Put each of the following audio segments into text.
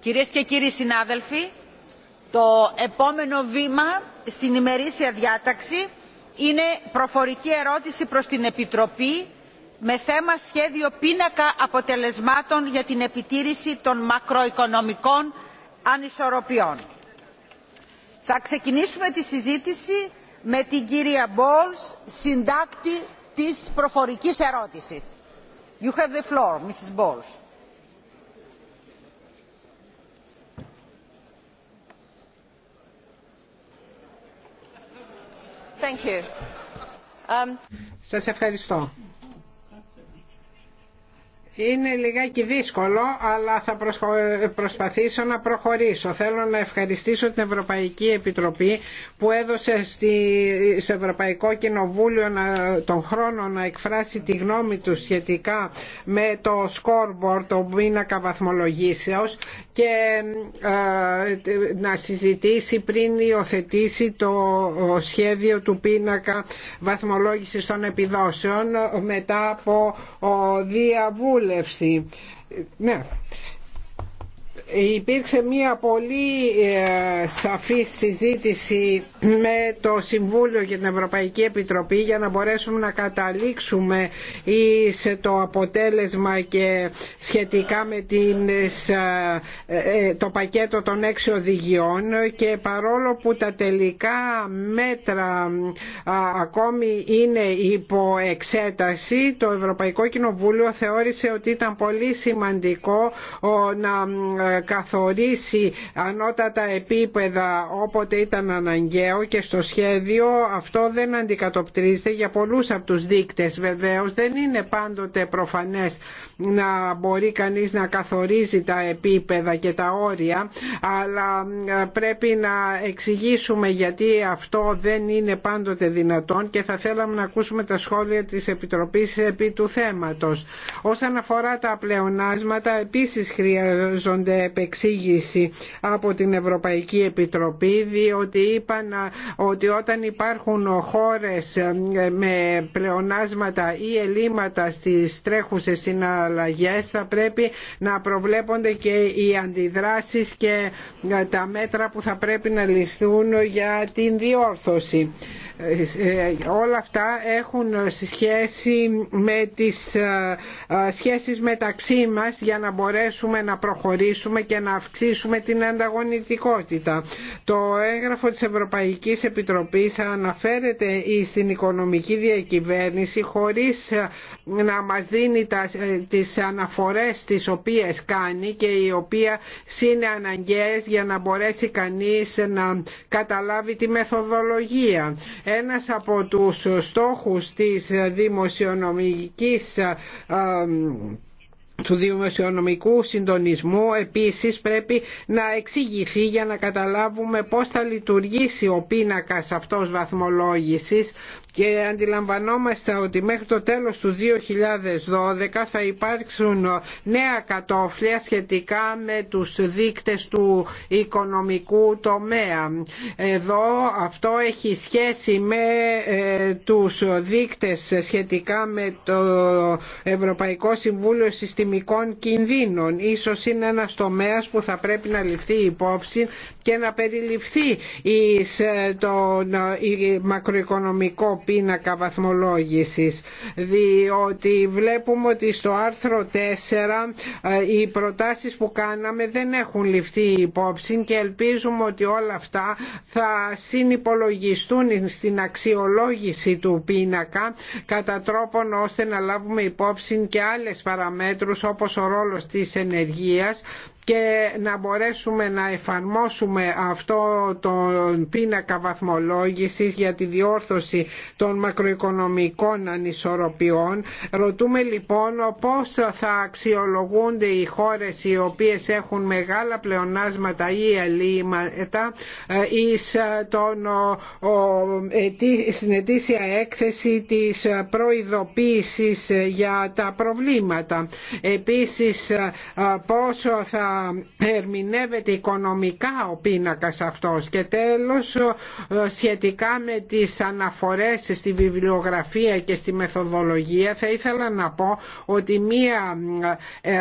Κυρίες και κύριοι συνάδελφοι, το επόμενο βήμα στην ημερήσια διάταξη είναι προφορική ερώτηση προς την Επιτροπή με θέμα σχέδιο πίνακα αποτελεσμάτων για την επιτήρηση των μακροοικονομικών ανισορροπιών. Θα ξεκινήσουμε τη συζήτηση με την κυρία Μπόλς, συντάκτη της προφορικής ερώτησης. You have the floor, Mrs. Um, Σας ευχαριστώ. Είναι λιγάκι δύσκολο, αλλά θα προσπαθήσω να προχωρήσω. Θέλω να ευχαριστήσω την Ευρωπαϊκή Επιτροπή που έδωσε στη, στο Ευρωπαϊκό Κοινοβούλιο τον χρόνο να εκφράσει τη γνώμη του σχετικά με το scoreboard, το πίνακα βαθμολογήσεως και ε, να συζητήσει πριν υιοθετήσει το σχέδιο του πίνακα βαθμολόγηση των επιδόσεων μετά από διαβούλευση διαβούλευση. Ε, ναι. Υπήρξε μια πολύ ε, σαφή συζήτηση με το Συμβούλιο και την Ευρωπαϊκή Επιτροπή για να μπορέσουμε να καταλήξουμε σε το αποτέλεσμα και σχετικά με ε, ε, το πακέτο των έξι οδηγιών και παρόλο που τα τελικά μέτρα ακόμη είναι υπό εξέταση το Ευρωπαϊκό Κοινοβούλιο θεώρησε ότι ήταν πολύ σημαντικό να καθορίσει ανώτατα επίπεδα όποτε ήταν αναγκαίο και στο σχέδιο αυτό δεν αντικατοπτρίζεται για πολλούς από τους δείκτες βεβαίως δεν είναι πάντοτε προφανές να μπορεί κανείς να καθορίζει τα επίπεδα και τα όρια αλλά ε, πρέπει να εξηγήσουμε γιατί αυτό δεν είναι πάντοτε δυνατόν και θα θέλαμε να ακούσουμε τα σχόλια της Επιτροπής επί του θέματος. Όσον αφορά τα πλεονάσματα επίσης χρειάζονται επεξήγηση από την Ευρωπαϊκή Επιτροπή διότι είπαν ότι όταν υπάρχουν χώρες με πλεονάσματα ή ελλείμματα στις τρέχουσες συναλλαγές θα πρέπει να προβλέπονται και οι αντιδράσεις και τα μέτρα που θα πρέπει να ληφθούν για την διόρθωση. Όλα αυτά έχουν σχέση με τις ε, ε, σχέσεις μεταξύ μας για να μπορέσουμε να προχωρήσουμε και να αυξήσουμε την ανταγωνιστικότητα. Το έγγραφο της Ευρωπαϊκής Επιτροπής αναφέρεται στην οικονομική διακυβέρνηση χωρίς να μας δίνει τις αναφορές τις οποίες κάνει και οι οποία είναι αναγκαίες για να μπορέσει κανείς να καταλάβει τη μεθοδολογία. Ένας από τους στόχους της δημοσιονομικής ε, του δημοσιονομικού συντονισμού επίσης πρέπει να εξηγηθεί για να καταλάβουμε πώς θα λειτουργήσει ο πίνακας αυτός βαθμολόγησης και αντιλαμβανόμαστε ότι μέχρι το τέλος του 2012 θα υπάρξουν νέα κατόφλια σχετικά με τους δείκτες του οικονομικού τομέα. Εδώ αυτό έχει σχέση με ε, τους δείκτες σχετικά με το Ευρωπαϊκό Συμβούλιο Συστημικών Κινδύνων. Ίσως είναι ένας τομέας που θα πρέπει να ληφθεί υπόψη και να περιληφθεί το ε, τον ε, μακροοικονομικό πίνακα βαθμολόγησης διότι βλέπουμε ότι στο άρθρο 4 ε, οι προτάσεις που κάναμε δεν έχουν ληφθεί υπόψη και ελπίζουμε ότι όλα αυτά θα συνυπολογιστούν στην αξιολόγηση του πίνακα κατά τρόπον ώστε να λάβουμε υπόψη και άλλες παραμέτρους όπως ο ρόλος της ενεργείας και να μπορέσουμε να εφαρμόσουμε αυτό τον πίνακα βαθμολόγησης για τη διόρθωση των μακροοικονομικών ανισορροπιών. Ρωτούμε λοιπόν πώς θα αξιολογούνται οι χώρες οι οποίες έχουν μεγάλα πλεονάσματα ή ελλείμματα εις ε, τον, ο, ετή, ετήσια έκθεση της προειδοποίησης ε, για τα προβλήματα. Επίσης ε, πόσο θα ερμηνεύεται οικονομικά ο πίνακας αυτός και τέλος σχετικά με τις αναφορές στη βιβλιογραφία και στη μεθοδολογία θα ήθελα να πω ότι μία ε,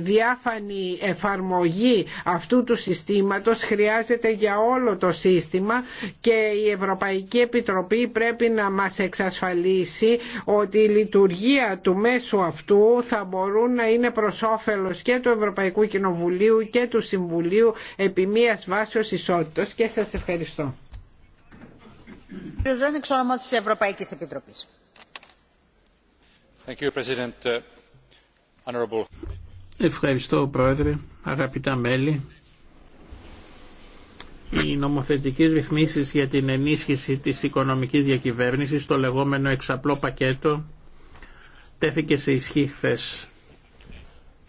διάφανη εφαρμογή αυτού του συστήματος χρειάζεται για όλο το σύστημα και η Ευρωπαϊκή Επιτροπή πρέπει να μας εξασφαλίσει ότι η λειτουργία του μέσου αυτού θα μπορούν να είναι προς όφελος και του Ευρωπαϊκού Κοινοβουλίου και του Συμβουλίου επί μίας βάσεως ισότητος και σας ευχαριστώ. Uh, ευχαριστώ Πρόεδρε, αγαπητά μέλη. Οι νομοθετικές ρυθμίσεις για την ενίσχυση της οικονομικής διακυβέρνηση το λεγόμενο εξαπλό πακέτο, τέθηκε σε ισχύ χθε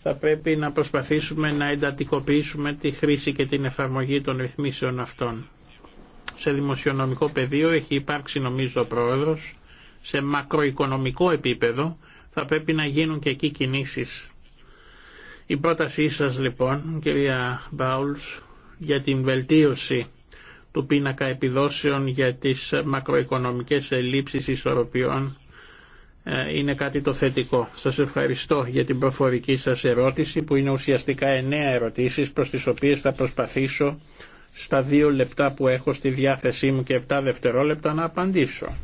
θα πρέπει να προσπαθήσουμε να εντατικοποιήσουμε τη χρήση και την εφαρμογή των ρυθμίσεων αυτών. Σε δημοσιονομικό πεδίο έχει υπάρξει νομίζω πρόεδρος, σε μακροοικονομικό επίπεδο θα πρέπει να γίνουν και εκεί κινήσεις. Η πρότασή σας λοιπόν, κυρία Μπάουλς, για την βελτίωση του πίνακα επιδόσεων για τις μακροοικονομικές ελλείψεις ισορροπιών ε, είναι κάτι το θετικό. Σας ευχαριστώ για την προφορική σας ερώτηση που είναι ουσιαστικά εννέα ερωτήσεις προς τις οποίες θα προσπαθήσω στα δύο λεπτά που έχω στη διάθεσή μου και επτά δευτερόλεπτα να απαντήσω.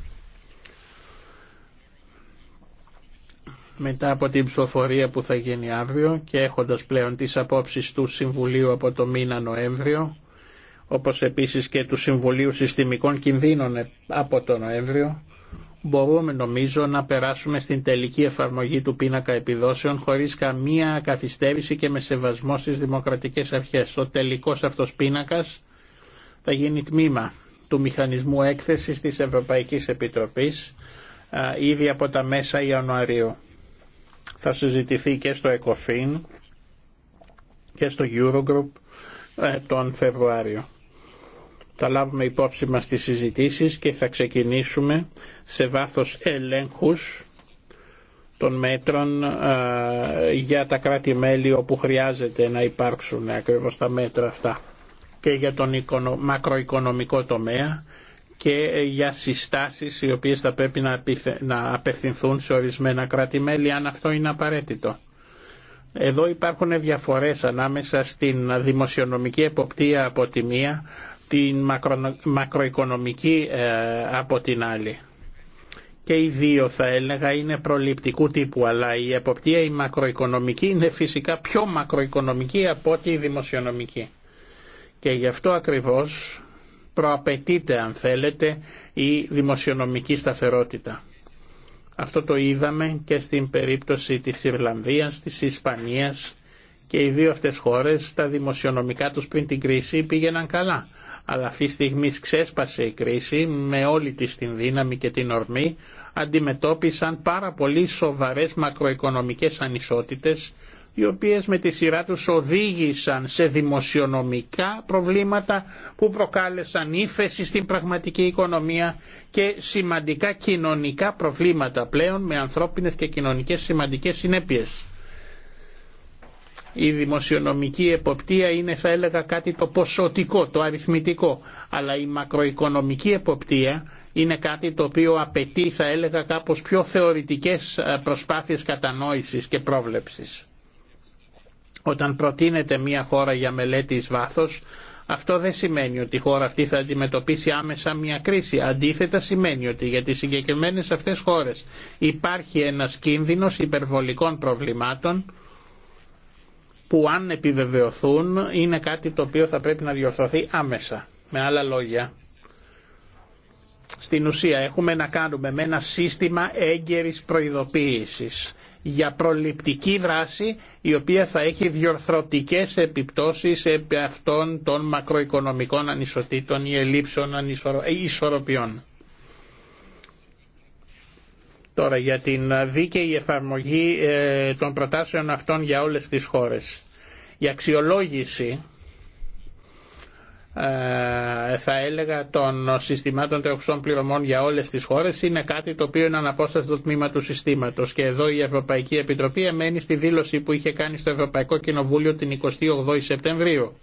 Μετά από την ψηφοφορία που θα γίνει αύριο και έχοντας πλέον τις απόψεις του Συμβουλίου από το μήνα Νοέμβριο, όπως επίσης και του Συμβουλίου Συστημικών Κινδύνων από το Νοέμβριο, μπορούμε νομίζω να περάσουμε στην τελική εφαρμογή του πίνακα επιδόσεων χωρίς καμία καθυστέρηση και με σεβασμό στις δημοκρατικές αρχές. Ο τελικός αυτός πίνακας θα γίνει τμήμα του μηχανισμού έκθεσης της Ευρωπαϊκής Επιτροπής ήδη από τα μέσα Ιανουαρίου. Θα συζητηθεί και στο ΕΚΟΦΗΝ και στο Eurogroup ε, τον Φεβρουάριο τα λάβουμε υπόψη μας στις συζητήσεις και θα ξεκινήσουμε σε βάθος ελέγχους των μέτρων για τα κράτη-μέλη όπου χρειάζεται να υπάρξουν ακριβώς τα μέτρα αυτά και για τον μακροοικονομικό τομέα και για συστάσεις οι οποίες θα πρέπει να απευθυνθούν σε ορισμένα κράτη-μέλη αν αυτό είναι απαραίτητο. Εδώ υπάρχουν διαφορές ανάμεσα στην δημοσιονομική εποπτεία από τη μία την μακροοικονομική ε, από την άλλη. Και οι δύο θα έλεγα είναι προληπτικού τύπου, αλλά η εποπτεία η μακροοικονομική είναι φυσικά πιο μακροοικονομική από ότι η δημοσιονομική. Και γι' αυτό ακριβώς προαπαιτείται αν θέλετε η δημοσιονομική σταθερότητα. Αυτό το είδαμε και στην περίπτωση της Ιρλανδίας, της Ισπανίας και οι δύο αυτές χώρες τα δημοσιονομικά τους πριν την κρίση πήγαιναν καλά αλλά αυτή τη στιγμή ξέσπασε η κρίση με όλη της την δύναμη και την ορμή αντιμετώπισαν πάρα πολύ σοβαρές μακροοικονομικές ανισότητες οι οποίες με τη σειρά τους οδήγησαν σε δημοσιονομικά προβλήματα που προκάλεσαν ύφεση στην πραγματική οικονομία και σημαντικά κοινωνικά προβλήματα πλέον με ανθρώπινες και κοινωνικές σημαντικές συνέπειες. Η δημοσιονομική εποπτεία είναι θα έλεγα κάτι το ποσοτικό, το αριθμητικό, αλλά η μακροοικονομική εποπτεία είναι κάτι το οποίο απαιτεί θα έλεγα κάπως πιο θεωρητικές ε, προσπάθειες κατανόησης και πρόβλεψης. Όταν προτείνεται μια χώρα για μελέτη εις βάθος, αυτό δεν σημαίνει ότι η χώρα αυτή θα αντιμετωπίσει άμεσα μια κρίση. Αντίθετα σημαίνει ότι για τις συγκεκριμένες αυτές χώρες υπάρχει ένας κίνδυνος υπερβολικών προβλημάτων που αν επιβεβαιωθούν είναι κάτι το οποίο θα πρέπει να διορθωθεί άμεσα. Με άλλα λόγια, στην ουσία έχουμε να κάνουμε με ένα σύστημα έγκαιρης προειδοποίησης για προληπτική δράση η οποία θα έχει διορθωτικές επιπτώσεις επί αυτών των μακροοικονομικών ανισοτήτων ή ελλείψεων ε, ισορροπιών. Τώρα για την δίκαιη εφαρμογή ε, των προτάσεων αυτών για όλες τις χώρες. Η αξιολόγηση ε, θα έλεγα των συστημάτων τρεχουσών πληρωμών για όλες τις χώρες είναι κάτι το οποίο είναι αναπόστατο τμήμα του συστήματος και εδώ η Ευρωπαϊκή Επιτροπή μένει στη δήλωση που είχε κάνει στο Ευρωπαϊκό Κοινοβούλιο την 28η Σεπτεμβρίου.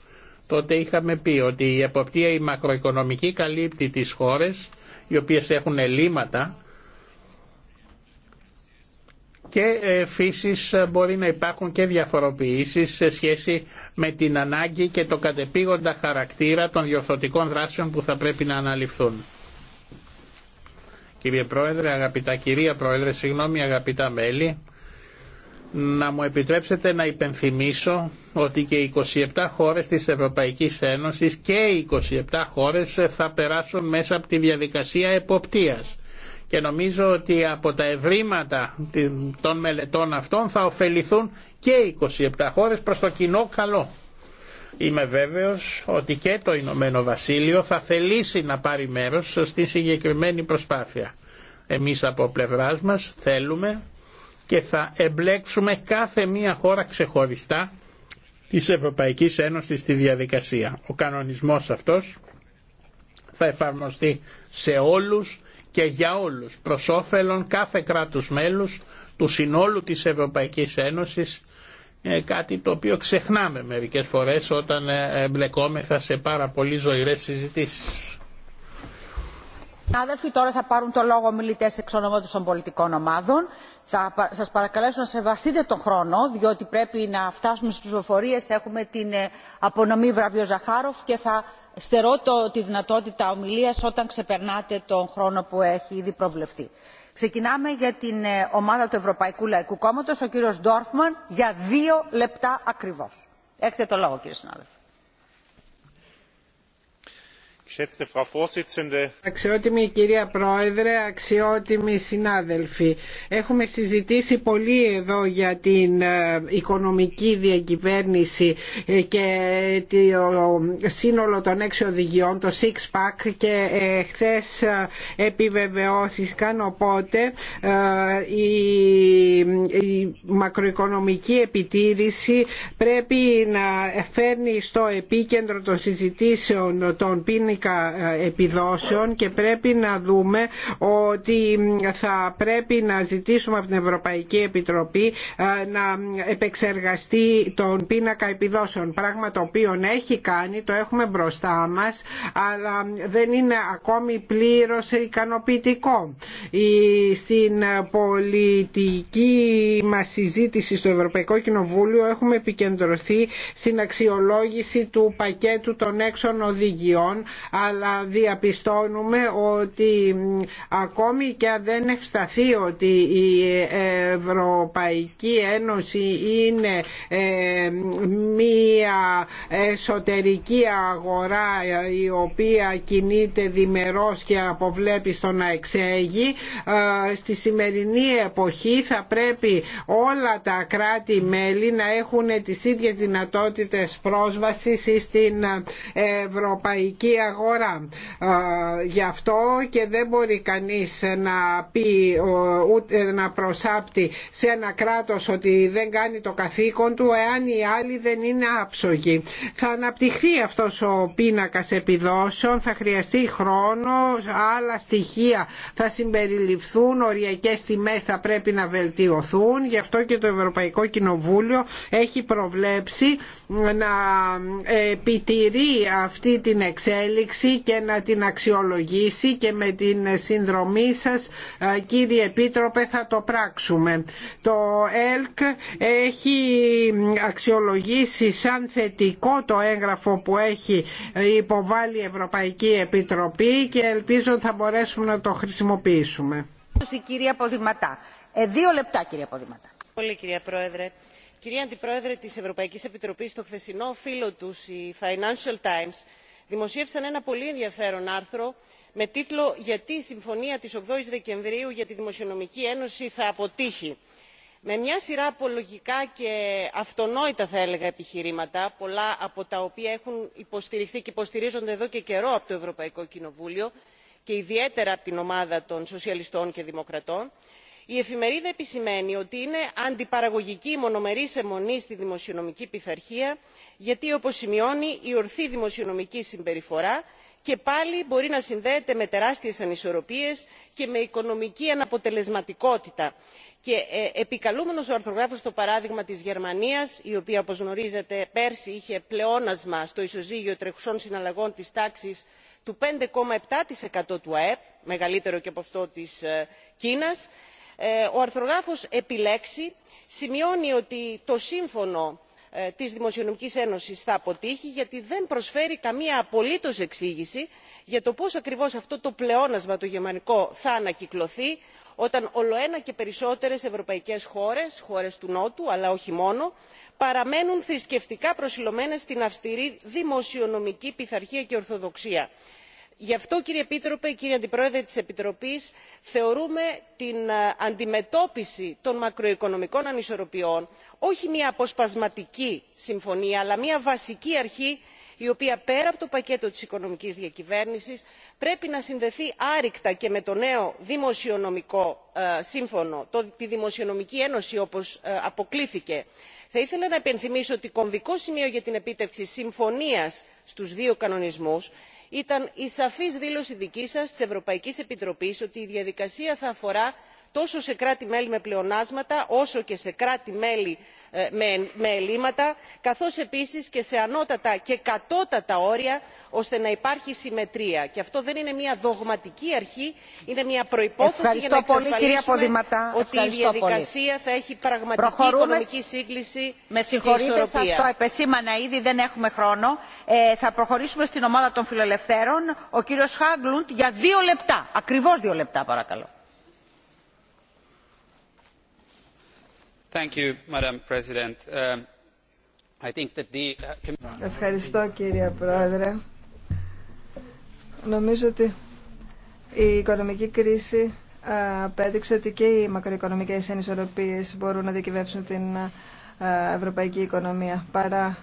Τότε είχαμε πει ότι η εποπτεία η μακροοικονομική καλύπτει τις χώρες οι οποίες έχουν ελλείμματα και ε, φύση ε, μπορεί να υπάρχουν και διαφοροποιήσεις σε σχέση με την ανάγκη και το κατεπήγοντα χαρακτήρα των διορθωτικών δράσεων που θα πρέπει να αναλυφθούν. Κύριε Πρόεδρε, αγαπητά κυρία Πρόεδρε, συγγνώμη αγαπητά μέλη, να μου επιτρέψετε να υπενθυμίσω ότι και οι 27 χώρες της Ευρωπαϊκής Ένωσης και οι 27 χώρες θα περάσουν μέσα από τη διαδικασία εποπτείας και νομίζω ότι από τα ευρήματα των μελετών αυτών θα ωφεληθούν και 27 χώρες προς το κοινό καλό. Είμαι βέβαιος ότι και το Ηνωμένο Βασίλειο θα θελήσει να πάρει μέρος στη συγκεκριμένη προσπάθεια. Εμείς από πλευράς μας θέλουμε και θα εμπλέξουμε κάθε μία χώρα ξεχωριστά της Ευρωπαϊκής Ένωση στη διαδικασία. Ο κανονισμός αυτός θα εφαρμοστεί σε όλους και για όλους προς όφελον κάθε κράτους μέλους του συνόλου της Ευρωπαϊκής Ένωσης ε, κάτι το οποίο ξεχνάμε μερικές φορές όταν ε, μπλεκόμεθα σε πάρα πολύ ζωηρές συζητήσεις. Συνάδελφοι, τώρα θα πάρουν το λόγο μιλητέ εξ ονόματο των πολιτικών ομάδων. Θα σα παρακαλέσω να σεβαστείτε τον χρόνο, διότι πρέπει να φτάσουμε στι ψηφοφορίε. Έχουμε την ε, απονομή βραβείο Ζαχάροφ και θα στερώ τη δυνατότητα ομιλία όταν ξεπερνάτε τον χρόνο που έχει ήδη προβλεφθεί. Ξεκινάμε για την ε, ομάδα του Ευρωπαϊκού Λαϊκού Κόμματο, ο κύριο Ντόρφμαν, για δύο λεπτά ακριβώ. Έχετε το λόγο, κύριε συνάδελφε. Αξιότιμη κυρία Πρόεδρε, αξιότιμοι συνάδελφοι, έχουμε συζητήσει πολύ εδώ για την ε, οικονομική διακυβέρνηση ε, και το σύνολο των έξι οδηγιών, το Six Pack και ε, χθε επιβεβαιώθηκαν οπότε η μακροοικονομική επιτήρηση πρέπει να φέρνει στο επίκεντρο των συζητήσεων των πίνικων ε, επιδόσεων και πρέπει να δούμε ότι θα πρέπει να ζητήσουμε από την Ευρωπαϊκή Επιτροπή ε, να επεξεργαστεί τον πίνακα επιδόσεων πράγμα το οποίο έχει κάνει, το έχουμε μπροστά μας αλλά δεν είναι ακόμη πλήρως ικανοποιητικό. Στην πολιτική μας συζήτηση στο Ευρωπαϊκό Κοινοβούλιο έχουμε επικεντρωθεί στην αξιολόγηση του πακέτου των έξω οδηγιών αλλά διαπιστώνουμε ότι ακόμη και αν δεν ευσταθεί ότι η Ευρωπαϊκή Ένωση είναι ε, μία εσωτερική αγορά η οποία κινείται διμερός και αποβλέπει στο να εξέγει ε, στη σημερινή εποχή θα πρέπει όλα τα κράτη-μέλη να έχουν τις ίδιες δυνατότητες πρόσβασης στην ευρωπαϊκή αγορά αγορά. Γι' αυτό και δεν μπορεί κανείς να πει ε, να προσάπτει σε ένα κράτος ότι δεν κάνει το καθήκον του εάν οι άλλοι δεν είναι άψογοι. Θα αναπτυχθεί αυτός ο πίνακας επιδόσεων, θα χρειαστεί χρόνο, άλλα στοιχεία θα συμπεριληφθούν, οριακές τιμές θα πρέπει να βελτιωθούν, γι' αυτό και το Ευρωπαϊκό Κοινοβούλιο έχει προβλέψει να ε, επιτηρεί αυτή την εξέλιξη στηρίξει και να την αξιολογήσει και με την συνδρομή σας κύριε Επίτροπε θα το πράξουμε. Το ΕΛΚ έχει αξιολογήσει σαν θετικό το έγγραφο που έχει ε, υποβάλει η Ευρωπαϊκή Επιτροπή και ελπίζω θα μπορέσουμε να το χρησιμοποιήσουμε. κυρία Ποδηματά. Ε, δύο λεπτά κυρία Ποδηματά. Πολύ κυρία Πρόεδρε. Κυρία Αντιπρόεδρε της Ευρωπαϊκής Επιτροπής, το χθεσινό φίλο του, η Financial Times, δημοσίευσαν ένα πολύ ενδιαφέρον άρθρο με τίτλο γιατί η συμφωνία της 8 η δεκεμβρίου για τη δημοσιονομική ένωση θα αποτύχει με μια σειρά απολογικά και αυτονόητα θα έλεγα επιχειρήματα πολλά από τα οποία έχουν υποστηριχθεί και υποστηρίζονται εδώ και καιρό από το ευρωπαϊκό κοινοβούλιο και ιδιαίτερα από την ομάδα των σοσιαλιστών και δημοκρατών η εφημερίδα επισημαίνει ότι είναι αντιπαραγωγική η μονομερής αιμονή στη δημοσιονομική πειθαρχία γιατί όπω σημειώνει η ορθή δημοσιονομική συμπεριφορά και πάλι μπορεί να συνδέεται με τεράστιε ανισορροπίε και με οικονομική αναποτελεσματικότητα και ε, επικαλούμενο ο αρθρογράφο το παράδειγμα τη Γερμανία, η οποία όπω γνωρίζετε πέρσι είχε πλεόνασμα στο ισοζύγιο τρεχουσών συναλλαγών τη τάξη του 5,7% του αεπ μεγαλύτερο και από αυτό τη ε, Κίνα. Ε, ο αρθρογράφος επιλέξει σημειώνει ότι το σύμφωνο ε, της δημοσιονομικής ένωσης θα αποτύχει γιατί δεν προσφέρει καμία απολύτως εξήγηση για το πώς ακριβώς αυτό το πλεόνασμα το γερμανικό θα ανακυκλωθεί όταν ολοένα και περισσότερες ευρωπαϊκές χώρες χώρες του νότου αλλά όχι μόνο παραμένουν θρησκευτικά προσιλωμένες στην αυστηρή δημοσιονομική πειθαρχία και ορθοδοξία γι' αυτό κύριε επίτροπε κύριε αντιπρόεδρε της επιτροπής θεωρούμε την ε, αντιμετώπιση των μακροοικονομικών ανισορροπιών όχι μια αποσπασματική συμφωνία αλλά μια βασική αρχή η οποία πέρα από το πακέτο της οικονομικής διακυβέρνησης πρέπει να συνδεθεί άρρηκτα και με το νέο δημοσιονομικό ε, σύμφωνο τη δημοσιονομική ένωση όπως ε, αποκλήθηκε. θα ήθελα να υπενθυμίσω ότι κομβικό σημείο για την επίτευξη συμφωνίας στους δύο κανονισμούς ήταν η σαφής δήλωση δική σας της ευρωπαϊκής επιτροπής ότι η διαδικασία θα αφορά τόσο σε κράτη μέλη με πλεονάσματα όσο και σε κράτη μέλη ε, με ελλείμματα καθώς επίσης και σε ανώτατα και κατώτατα όρια ώστε να υπάρχει συμμετρία. και αυτό δεν είναι μια δογματική αρχή είναι μια προϋπόθεση για να εξασφαλίσουμε ότι η διαδικασία θα έχει πραγματική οικονομική σύγκληση με συγχωρείτε σας το επεσήμανα ήδη δεν έχουμε χρόνο. Ε, θα προχωρήσουμε στην ομάδα των φιλελευθέρων. ο κύριος χάγκλουντ για δύο λεπτά ακριβώς δύο λεπτά παρακαλώ. Ευχαριστώ κύριε Πρόεδρε. Νομίζω ότι η οικονομική κρίση απέδειξε ότι και οι μακροοικονομικές ανισορροπίες μπορούν να διακυβεύσουν την ευρωπαϊκή οικονομία παρά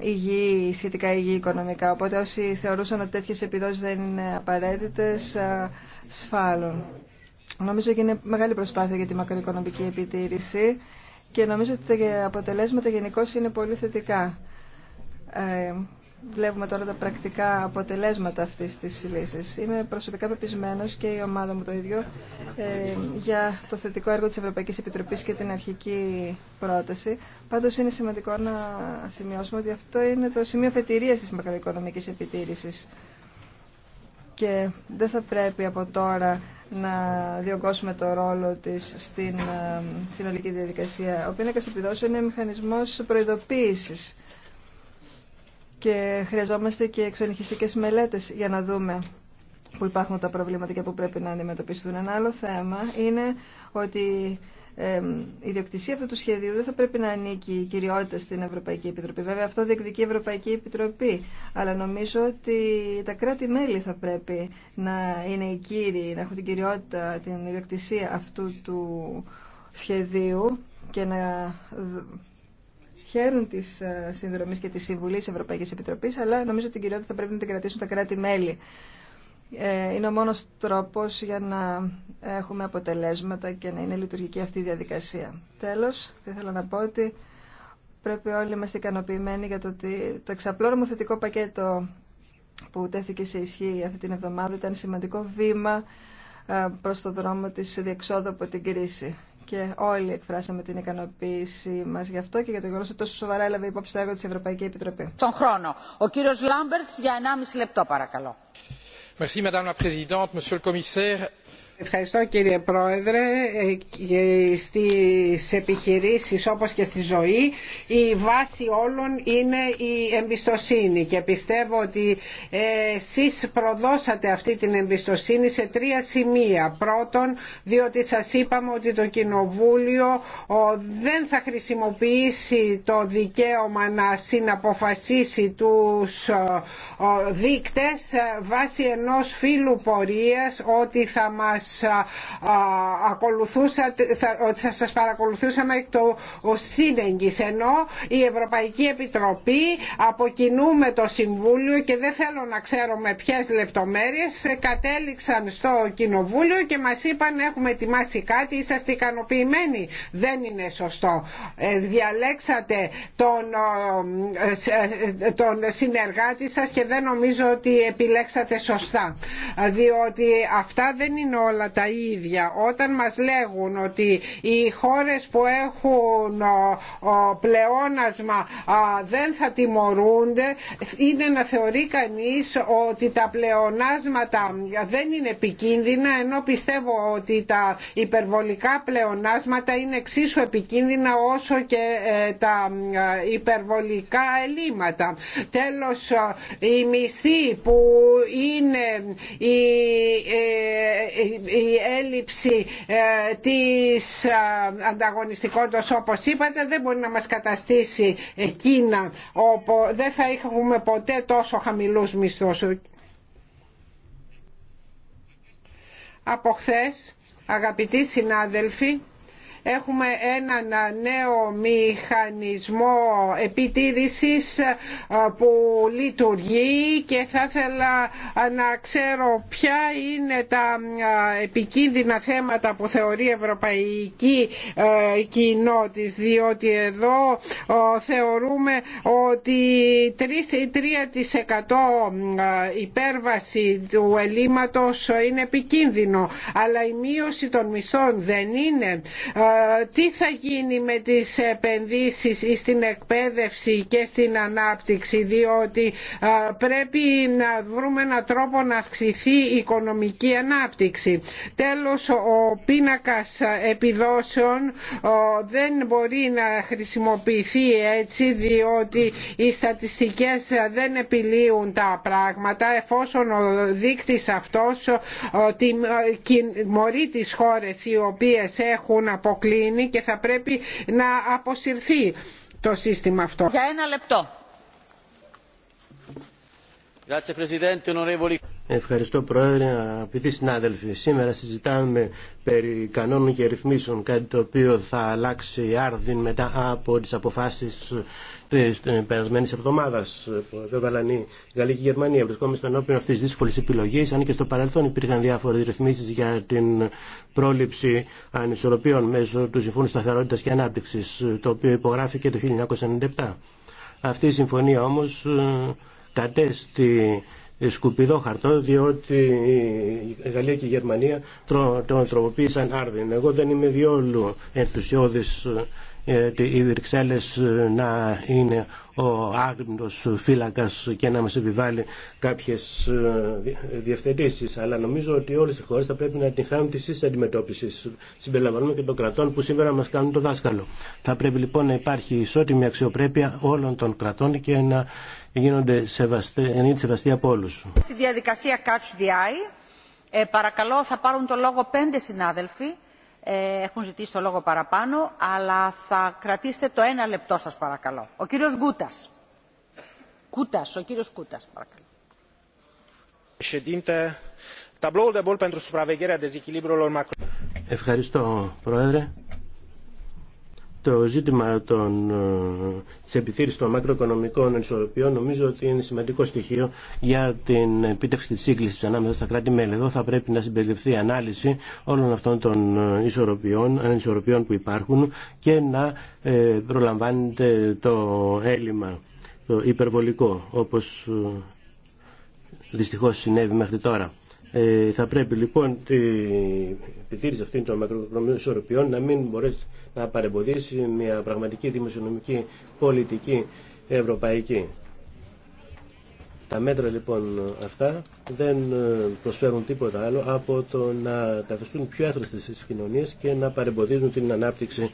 υγιή, σχετικά υγιή οικονομικά. Οπότε όσοι θεωρούσαν ότι τέτοιες επιδόσεις δεν είναι απαραίτητες, σφάλουν. Νομίζω είναι μεγάλη προσπάθεια για τη μακροοικονομική επιτήρηση και νομίζω ότι τα αποτελέσματα γενικώ είναι πολύ θετικά. Ε, βλέπουμε τώρα τα πρακτικά αποτελέσματα αυτή τη λύση. Είμαι προσωπικά πεπισμένο και η ομάδα μου το ίδιο ε, για το θετικό έργο τη Ευρωπαϊκή Επιτροπή και την αρχική πρόταση. Πάντω είναι σημαντικό να σημειώσουμε ότι αυτό είναι το σημείο φετηρία τη μακροοικονομική επιτήρηση. Και δεν θα πρέπει από τώρα να διωγγώσουμε το ρόλο της στην ε, συνολική διαδικασία. Ο πίνακας επιδόσεων είναι μηχανισμός προειδοποίησης και χρειαζόμαστε και εξονυχιστικές μελέτες για να δούμε που υπάρχουν τα προβλήματα και που πρέπει να αντιμετωπιστούν. Ένα άλλο θέμα είναι ότι η διοκτησία αυτού του σχεδίου δεν θα πρέπει να ανήκει η κυριότητα στην Ευρωπαϊκή Επιτροπή. Βέβαια αυτό διεκδικεί η Ευρωπαϊκή Επιτροπή, αλλά νομίζω ότι τα κράτη-μέλη θα πρέπει να είναι οι κύριοι, να έχουν την κυριότητα, την ιδιοκτησία αυτού του σχεδίου και να χαίρουν τη ε, συνδρομή και τη συμβουλή Ευρωπαϊκή Επιτροπή, αλλά νομίζω ότι την κυριότητα θα πρέπει να την κρατήσουν τα κράτη-μέλη. Ε, είναι ο μόνος τρόπος για να έχουμε αποτελέσματα και να είναι λειτουργική αυτή η διαδικασία. Τέλος, θα ήθελα να πω ότι πρέπει όλοι είμαστε ικανοποιημένοι για το ότι το εξαπλό θετικό πακέτο που τέθηκε σε ισχύ αυτή την εβδομάδα ήταν σημαντικό βήμα ε, προς το δρόμο της διεξόδου από την κρίση. Και όλοι εκφράσαμε την ικανοποίηση μα γι' αυτό και για το γεγονό ότι τόσο σοβαρά έλαβε υπόψη το έργο τη Ευρωπαϊκή Επιτροπή. Τον χρόνο. Ο κύριο Λάμπερτ για 1,5 λεπτό, παρακαλώ madame la présidente monsieur le commissaire Ευχαριστώ κύριε Πρόεδρε. Ε, στις επιχειρήσεις όπως και στη ζωή η βάση όλων είναι η εμπιστοσύνη και πιστεύω ότι ε, εσείς προδώσατε αυτή την εμπιστοσύνη σε τρία σημεία. Πρώτον, διότι σας είπαμε ότι το Κοινοβούλιο δεν θα χρησιμοποιήσει το δικαίωμα να συναποφασίσει τους δείκτες ε, βάσει ενός φίλου πορείας ότι θα μας θα σας παρακολουθούσαμε εκ το σύνεγγις ενώ η Ευρωπαϊκή Επιτροπή με το Συμβούλιο και δεν θέλω να ξέρω με ποιες λεπτομέρειες ε, κατέληξαν στο Κοινοβούλιο και μας είπαν έχουμε ετοιμάσει κάτι, είσαστε ικανοποιημένοι. Δεν είναι σωστό. Ε, διαλέξατε τον, ε, τον συνεργάτη σας και δεν νομίζω ότι επιλέξατε σωστά. Διότι αυτά δεν είναι όλα όλα τα ίδια. Όταν μας λέγουν ότι οι χώρες που έχουν πλεόνασμα δεν θα τιμωρούνται, είναι να θεωρεί κανείς ότι τα πλεονάσματα δεν είναι επικίνδυνα, ενώ πιστεύω ότι τα υπερβολικά πλεονάσματα είναι εξίσου επικίνδυνα όσο και ε, τα ε, υπερβολικά ελλείμματα. Τέλος, η ε, μισθή που είναι η η έλλειψη ε, της ε, ανταγωνιστικότητας όπως είπατε δεν μπορεί να μας καταστήσει εκείνα όπου δεν θα έχουμε ποτέ τόσο χαμηλούς μισθούς. Από χθες, αγαπητοί συνάδελφοι, Έχουμε έναν νέο μηχανισμό επιτήρησης ε, που λειτουργεί και θα ήθελα ε, να ξέρω ποια είναι τα ε, επικίνδυνα θέματα που θεωρεί η Ευρωπαϊκή Κοινότης διότι εδώ θεωρούμε ότι 3% υπέρβαση του ελλείμματος είναι επικίνδυνο αλλά η μείωση των μισθών δεν είναι τι θα γίνει με τις επενδύσεις στην εκπαίδευση και στην ανάπτυξη διότι πρέπει να βρούμε έναν τρόπο να αυξηθεί η οικονομική ανάπτυξη. Τέλος, ο πίνακας επιδόσεων δεν μπορεί να χρησιμοποιηθεί έτσι διότι οι στατιστικές δεν επιλύουν τα πράγματα εφόσον ο δείκτης αυτός τιμωρεί τις χώρες οι οποίες έχουν αποκλειστεί αποκλίνει και θα πρέπει να αποσυρθεί το σύστημα αυτό. Ευχαριστώ Πρόεδρε, αγαπητοί συνάδελφοι. Σήμερα συζητάμε περί κανόνων και ρυθμίσεων, κάτι το οποίο θα αλλάξει άρδιν μετά από τις αποφάσεις της περασμένης εβδομάδας που έβαλαν η Γαλλική και Βρισκόμαστε ενώπιον αυτής της δύσκολης επιλογής, αν και στο παρελθόν υπήρχαν διάφορες ρυθμίσεις για την πρόληψη ανισορροπίων μέσω του Συμφώνου Σταθερότητας και Ανάπτυξης, το οποίο υπογράφηκε το 1997. Αυτή η συμφωνία όμως κατέστη ε, σκουπιδό χαρτό διότι η Γαλλία και η Γερμανία τον τροποποίησαν άρδιν. Εγώ δεν είμαι διόλου ενθουσιώδης ε, οι Βρυξέλλες ε, να είναι ο άγνητος φύλακας και να μας επιβάλλει κάποιες ε, διευθετήσεις. Αλλά νομίζω ότι όλες οι χώρες θα πρέπει να την χάνουν της ίσης αντιμετώπισης. Συμπεριλαμβάνουμε και των κρατών που σήμερα μας κάνουν το δάσκαλο. Θα πρέπει λοιπόν να υπάρχει ισότιμη αξιοπρέπεια όλων των κρατών και να γίνονται σεβαστοί, σεβαστοί από όλους. Στη διαδικασία Catch the Eye, ε, παρακαλώ θα πάρουν το λόγο πέντε συνάδελφοι ε, έχουν ζητήσει το λόγο παραπάνω, αλλά θα κρατήσετε το ένα λεπτό σας παρακαλώ. Ο κύριος Γκούτας. Κούτας, ο κύριος Κούτας παρακαλώ. Ευχαριστώ, Πρόεδρε το ζήτημα των, ε, της επιθύρησης των μακροοικονομικών ανισορροπιών νομίζω ότι είναι σημαντικό στοιχείο για την επίτευξη της σύγκλησης ανάμεσα στα κράτη-μέλη. Εδώ θα πρέπει να συμπεριληφθεί η ανάλυση όλων αυτών των ε, ισορροπιών, ανισορροπιών που υπάρχουν και να ε, προλαμβάνεται το έλλειμμα, το υπερβολικό, όπως δυστυχώς συνέβη μέχρι τώρα. Ε, θα πρέπει λοιπόν η επιτήρηση αυτήν των μακροοικονομικών ισορροπιών να μην μπορέσει να παρεμποδίσει μια πραγματική δημοσιονομική πολιτική ευρωπαϊκή. Τα μέτρα λοιπόν αυτά δεν ε, προσφέρουν τίποτα άλλο από το να καθιστούν πιο άθροστες τις κοινωνίες και να παρεμποδίζουν την ανάπτυξη.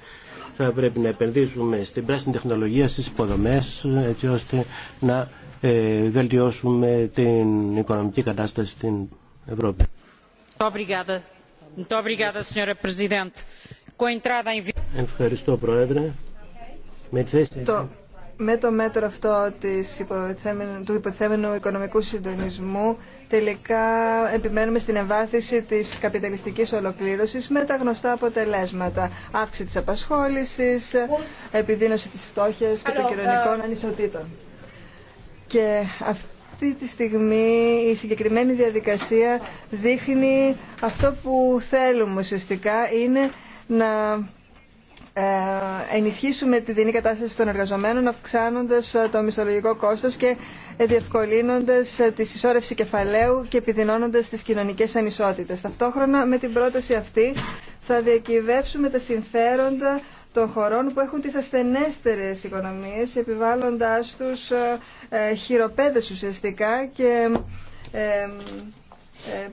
Θα πρέπει να επενδύσουμε στην πράσινη τεχνολογία, στις υποδομές, έτσι ώστε να ε, βελτιώσουμε την οικονομική κατάσταση στην Ευχαριστώ, Πρόεδρε. Με το, μέτρο αυτό του υποθέμενου οικονομικού συντονισμού τελικά επιμένουμε στην εμβάθυνση της καπιταλιστικής ολοκλήρωσης με τα γνωστά αποτελέσματα. Αύξηση της απασχόλησης, επιδείνωση της φτώχειας και των κοινωνικών uh, ανισοτήτων. Και αυτό αυτή τη στιγμή η συγκεκριμένη διαδικασία δείχνει αυτό που θέλουμε ουσιαστικά είναι να ε, ενισχύσουμε τη δινή κατάσταση των εργαζομένων αυξάνοντας ε, το μισθολογικό κόστος και ε, διευκολύνοντας τη συσσόρευση κεφαλαίου και επιδεινώνοντας τις κοινωνικές ανισότητες. Ταυτόχρονα με την πρόταση αυτή θα διακυβεύσουμε τα συμφέροντα των χωρών που έχουν τις ασθενέστερες οικονομίες επιβάλλοντάς τους ε, ε, χειροπέδες ουσιαστικά και ε,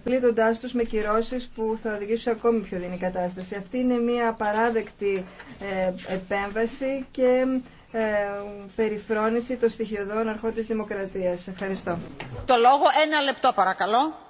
πλήττοντάς τους με κυρώσεις που θα οδηγήσουν ακόμη πιο δίνη κατάσταση. Αυτή είναι μια απαράδεκτη επέμβαση και περιφρόνηση των στοιχειωδών αρχών της δημοκρατίας. Ευχαριστώ. Το λόγο ένα λεπτό παρακαλώ.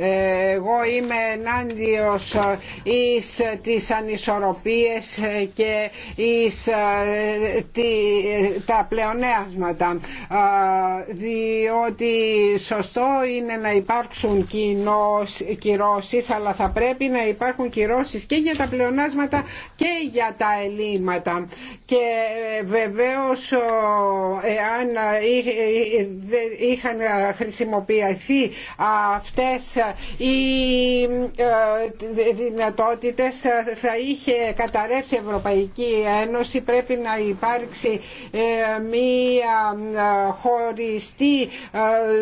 Εγώ είμαι ενάντιος εις τις ανισορροπίες και εις ε, τα πλεονέασματα ε, διότι σωστό είναι να υπάρξουν κυρώσει, κυρώσεις αλλά θα πρέπει να υπάρχουν κυρώσεις και για τα πλεονάσματα και για τα ελλείμματα και ε, βεβαίως εάν είχαν χρησιμοποιηθεί αυτές οι ε, δυνατότητε ε, θα είχε καταρρεύσει η Ευρωπαϊκή Ένωση πρέπει να υπάρξει ε, μία χωριστή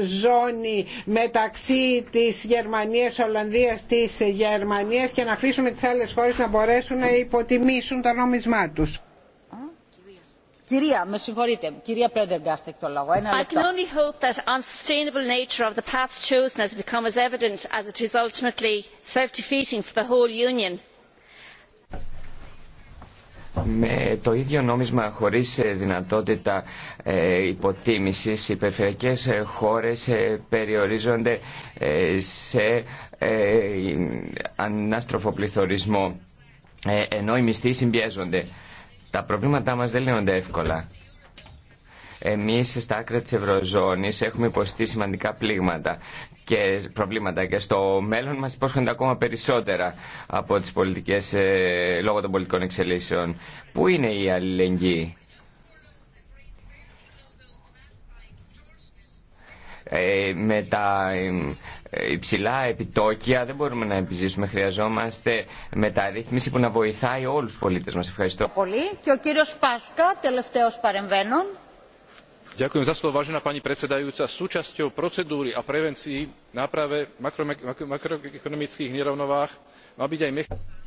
ζώνη μεταξύ της Γερμανίας, Ολλανδίας, της Γερμανίας και να αφήσουμε τις άλλες χώρες να μπορέσουν να υποτιμήσουν τα νόμισμά τους. I can only hope that the unsustainable nature of the path chosen has become as evident as it is ultimately self-defeating for the whole Union. Με το ίδιο νόμισμα χωρίς ε, δυνατότητα ε, υποτίμησης, οι περιφερειακές ε, χώρες περιορίζονται σε ανάστροφο πληθωρισμό, ενώ οι μισθοί συμπιέζονται. Τα προβλήματά μας δεν λύνονται εύκολα. Εμείς στα άκρα της Ευρωζώνης έχουμε υποστεί σημαντικά πλήγματα και προβλήματα και στο μέλλον μας υπόσχονται ακόμα περισσότερα από τις πολιτικές, ε, λόγω των πολιτικών εξελίσεων. Πού είναι η αλληλεγγύη. Ε, με τα ε, ε, υψηλά επιτόκια δεν μπορούμε να επιζήσουμε. Χρειαζόμαστε μεταρρύθμιση που να βοηθάει όλους τους πολίτες μας. Ευχαριστώ. Πολύ. Και ο κύριος Πάσκα, τελευταίο παρεμβαίνων. Ďakujem za slovo, vážená pani predsedajúca. Súčasťou procedúry a prevencií náprave makroekonomických nerovnováh má byť aj mechanizmus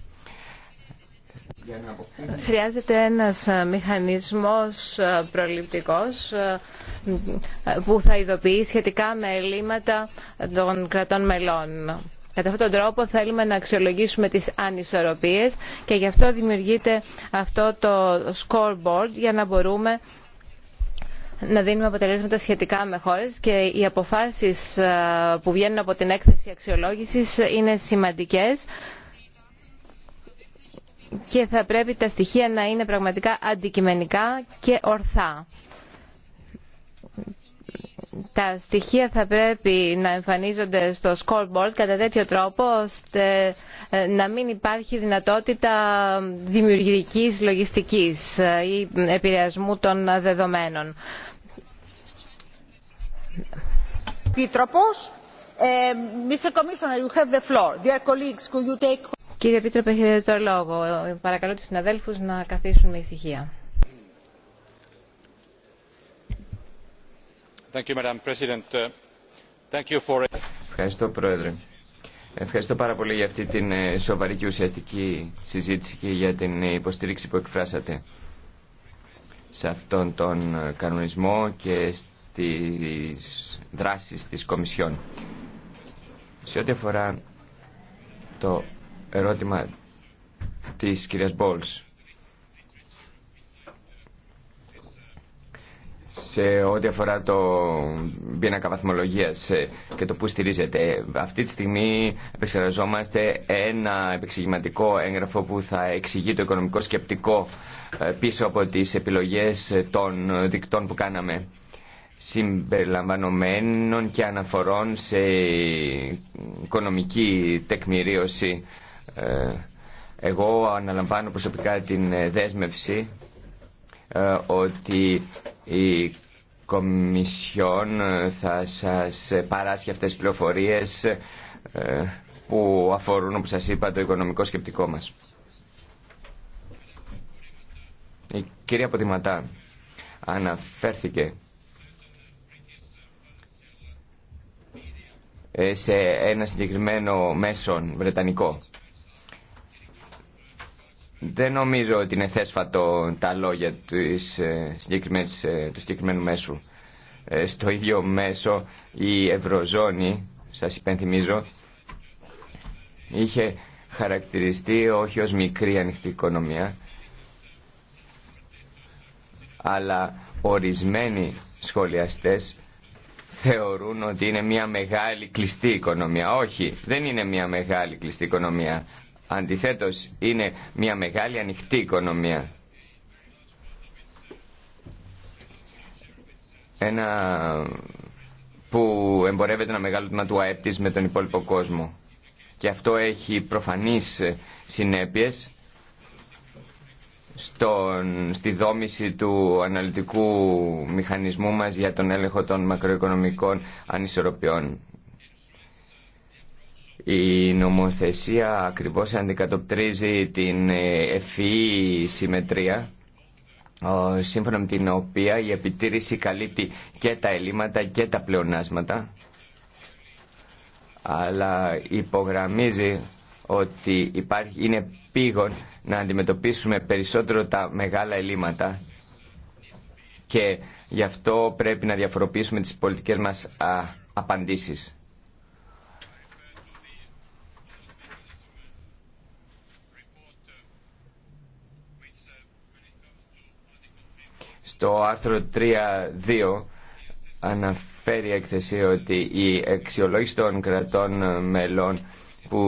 Χρειάζεται ένας ε, μηχανισμός ε, προληπτικός ε, που θα ειδοποιεί σχετικά με ελλείμματα των κρατών μελών. Κατά αυτόν τον τρόπο θέλουμε να αξιολογήσουμε τις ανισορροπίες και γι' αυτό δημιουργείται αυτό το scoreboard για να μπορούμε να δίνουμε αποτελέσματα σχετικά με χώρες και οι αποφάσεις που βγαίνουν από την έκθεση αξιολόγησης είναι σημαντικές και θα πρέπει τα στοιχεία να είναι πραγματικά αντικειμενικά και ορθά. Τα στοιχεία θα πρέπει να εμφανίζονται στο scoreboard κατά τέτοιο τρόπο ώστε ε, να μην υπάρχει δυνατότητα δημιουργικής λογιστικής ή επηρεασμού των δεδομένων. Πίτροπος, ε, Mr. Commissioner, you have the floor. Dear colleagues, could you take... Κύριε Επίτροπε, έχετε το λόγο. Παρακαλώ τους συναδέλφους να καθίσουν με ησυχία. Uh, Ευχαριστώ, Πρόεδρε. Ευχαριστώ πάρα πολύ για αυτή την ε, σοβαρή και ουσιαστική συζήτηση και για την ε, υποστήριξη που εκφράσατε σε αυτόν τον ε, κανονισμό και στις δράσεις της Κομισιόν. Σε ό,τι αφορά το ερώτημα της κυρίας Μπόλς. σε ό,τι αφορά το πίνακα βαθμολογία και το πού στηρίζεται. Αυτή τη στιγμή επεξεργαζόμαστε ένα επεξηγηματικό έγγραφο που θα εξηγεί το οικονομικό σκεπτικό ε, πίσω από τις επιλογές των δικτών που κάναμε συμπεριλαμβανομένων και αναφορών σε οικονομική τεκμηρίωση ε, εγώ αναλαμβάνω προσωπικά την ε, δέσμευση ε, ότι η Κομισιόν θα σας παράσχει αυτές τις πληροφορίες που αφορούν, όπως σας είπα, το οικονομικό σκεπτικό μας. Η κυρία Ποδηματά αναφέρθηκε σε ένα συγκεκριμένο μέσον βρετανικό δεν νομίζω ότι είναι θέσφατο τα λόγια της ε, ε, του συγκεκριμένου μέσου. Ε, στο ίδιο μέσο η Ευρωζώνη, σας υπενθυμίζω, είχε χαρακτηριστεί όχι ως μικρή ανοιχτή οικονομία, αλλά ορισμένοι σχολιαστές θεωρούν ότι είναι μια μεγάλη κλειστή οικονομία. Όχι, δεν είναι μια μεγάλη κλειστή οικονομία. Αντιθέτως είναι μια μεγάλη ανοιχτή οικονομία. Ένα που εμπορεύεται ένα μεγάλο τμήμα του ΑΕΠ με τον υπόλοιπο κόσμο. Και αυτό έχει προφανείς συνέπειες στον, στη δόμηση του αναλυτικού μηχανισμού μας για τον έλεγχο των μακροοικονομικών ανισορροπιών. Η νομοθεσία ακριβώς αντικατοπτρίζει την ε, ευφυή συμμετρία σύμφωνα με την οποία η επιτήρηση καλύπτει και τα ελλείμματα και τα πλεονάσματα αλλά υπογραμμίζει ότι υπάρχει, είναι πήγον να αντιμετωπίσουμε περισσότερο τα μεγάλα ελλείμματα και γι' αυτό πρέπει να διαφοροποιήσουμε τις πολιτικές μας α, απαντήσεις. Το άρθρο 3.2 αναφέρει η έκθεση ότι η αξιολόγηση των κρατών μελών που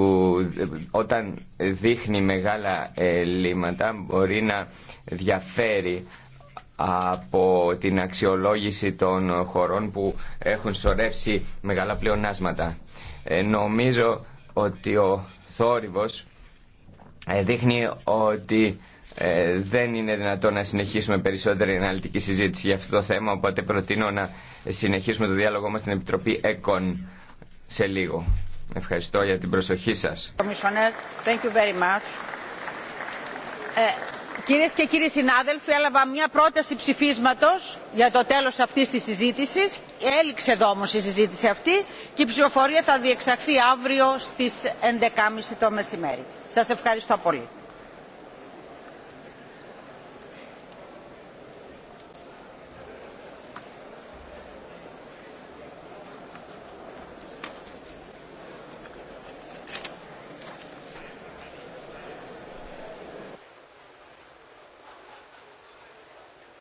όταν δείχνει μεγάλα ελλείμματα μπορεί να διαφέρει από την αξιολόγηση των χωρών που έχουν σωρεύσει μεγάλα πλεονάσματα. Ε, νομίζω ότι ο θόρυβος ε, δείχνει ότι ε, δεν είναι δυνατό να συνεχίσουμε περισσότερη αναλυτική συζήτηση για αυτό το θέμα, οπότε προτείνω να συνεχίσουμε το διάλογο μας στην Επιτροπή ΕΚΟΝ σε λίγο. Ευχαριστώ για την προσοχή σας. Ε, Κυρίε και κύριοι συνάδελφοι, έλαβα μια πρόταση ψηφίσματο για το τέλο αυτή τη συζήτηση. Έληξε εδώ όμω η συζήτηση αυτή και η ψηφοφορία θα διεξαχθεί αύριο στι 11.30 το μεσημέρι. Σα ευχαριστώ πολύ.